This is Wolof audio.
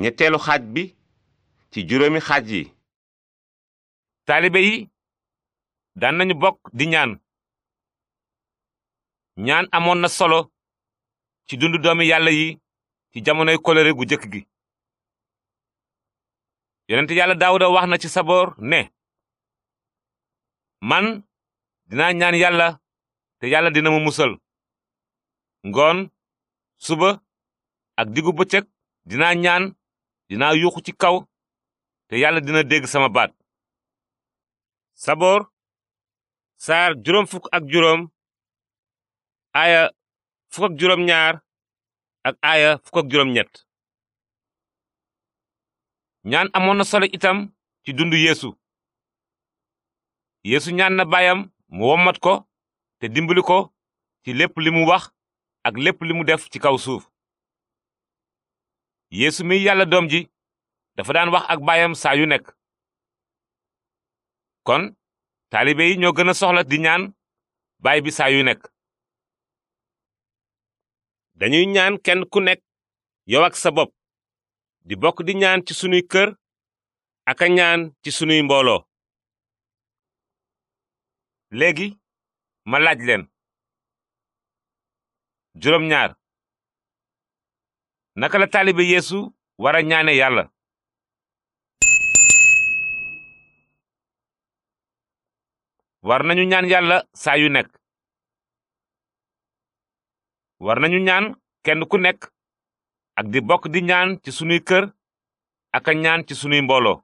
ñetteelu xaaj bi ci juróomi xaaj yi taalibe yi daan nañu bokk di ñaan ñaan amoon na solo ci dundu doomi yàlla yi ci jamonoy kolore gu jëkk gi yonent yàlla daawuda wax na ci saboor ne man dinaa ñaan yàlla te yàlla dina mu musal ngoon suba ak diggu bëccëg dinaa ñaan dinaa yuuxu ci kaw te yàlla dina dégg sama baat saboor saar juróom fukk ak juróom aaya fukk ak juróom ñaar ak aaya fukk ak juróom ñett ñaan amoon na solo itam ci dund yéesu yéesu ñaan na baayam mu wommat ko te dimbali ko ci lépp li mu wax ak lépp li mu def ci kaw suuf yeesu mi yàlla doom ji dafa daan wax ak baayam saa yu nekk kon taalibe yi ñoo gën a soxla di ñaan baay bi saa yu nekk dañuy ñaan kenn ku nekk yow ak sa bopp di bokk di ñaan ci sunuy kër ak a ñaan ci sunuy mbooloo léegi ma laaj leen juróom naka la taalibe yeesu wara a ñaane yàlla war nañu ñaan yàlla saa yu nekk war nañu ñaan kenn ku nekk ak di bokk di ñaan ci sunuy kër aka ñaan ci sunuy mbooloo